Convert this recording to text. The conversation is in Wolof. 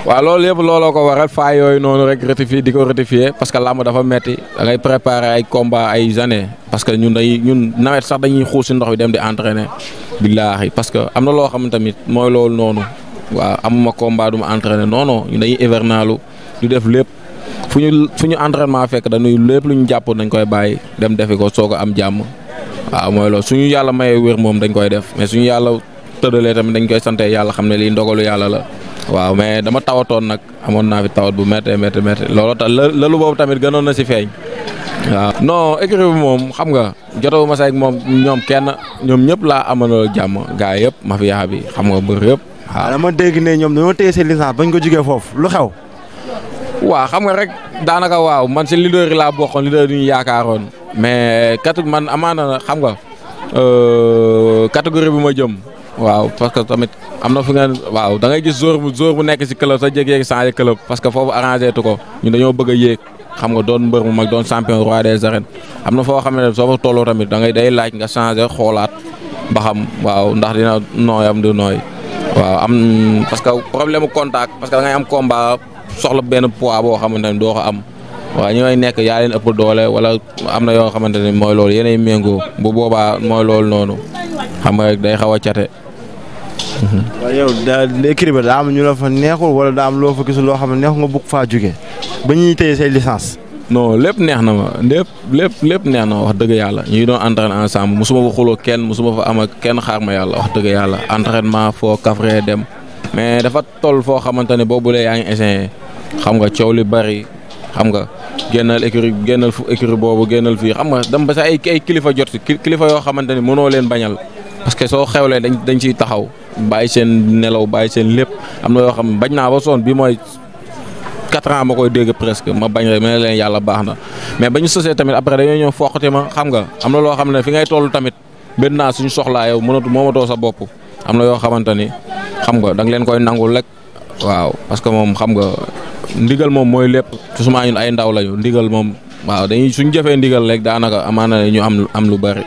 waaw loolu yëpp looloo ko waral faa yooyu noonu rek rectifier di ko rectifier parce que làmb dafa metti da ngay préparer ay combat ay années parce que ñun dañuy ñun nawet sax dañuy xuus si ndox bi dem di entraîner billaahi parce que am na loo xam tamit mooy loolu noonu waaw amuma combat du ma entraîner non non ñun dañuy hivernaalu ñu def lépp fu ñu fu ñu entraînement fekk dañuy lépp lu ñu jàppoon dañ koy bàyyi dem defi ko soog a am jàmm waaw mooy loolu suñu yàlla mayee wér moom dañ koy def mais suñu yàlla tëddalee tamit dañ koy sante yàlla xam ne lii ndogalu yàlla la. waaw mais dama tawatoon nag amoon naa fi tawat bu méttee méttee méttee looloo tax lalu boobu tamit ganoon na si feeñ. waaw non écurie bi moom xam nga jotawu ma seeg moom ñoom kenn ñoom ñëpp laa ama amaloo jàmm gaa yëpp mafia bi xam nga mbër yëpp. waaw dégg ne ñoom dañoo téye seen licence bañ ko jugee foofu lu xew. waaw xam nga rek daanaka waaw man si leader yi laa bokkoon leader yi ñu yaakaaroon mais kat man amaana xam nga euh, catégorie bi ma jëm waaw parce que tamit am na fu nga waaw da ngay gis jour bu jour bu nekk si club sa jékki-jékki changé club parce que foofu arrangé tu ko ñu dañoo bëgg a yéeg xam nga doon mbër mu mag doon champion roi des arènes am na foo xam ne soo fa tolloo tamit da ngay day laaj nga changé xoolaat ba xam waaw ndax dina nooy am du nooy waaw am parce que problème contact parce que da am combat soxla benn pois boo xamante ne doo ko am waaw ñooy nekk yaa leen ëpp doole wala am na yoo xamante ne mooy loolu yéenay méngoo bu boobaa mooy loolu noonu. xam nga day xaw a cate. waaw yow daa l'écrit ba daa am ñu la fa neexul wala daa am loo fa gisul loo xam ne neexu nga bugg faa jóge ba ñuy téye say licence non lépp neex na ma lépp lépp lépp neex na wax dëgg yàlla ñu ngi doon entraîné ensemble musuma fa xuloo kenn musuma fa am ak kenn xaar ma yàlla wax dëgg yàlla entraînement foo kafre dem mais dafa toll foo xamante ne boobu la yaa ngi essayé xam nga coow li bari xam nga génnal écurie génnal fu écurie boobu génnal fii xam nga dem ba sa ay ay kilifa jot kilifa yoo xamante ne mënoo leen bañal. parce que soo xewlee dañ dañ ciy taxaw bàyyi seen nelaw bàyyi seen lépp am na yoo xam bañ naa ba sonn bi mooy quatre ans ma koy dégg presque ma bañ ma leen yàlla baax na mais ba sosee tamit après dañoo ñëw foqati ma xam nga am na loo xam ne fi ngay toll tamit benn suñu soxlaa yow mënatu moomatoo sa bopp am na yoo xamante ni xam nga da leen koy nangul rek waaw parce que moom xam nga ndigal moom mooy lépp suma ñun ay ndaw lañu ndigal moom waaw dañuy suñ jëfee ndigal rek daanaka amaana ñu am am lu bari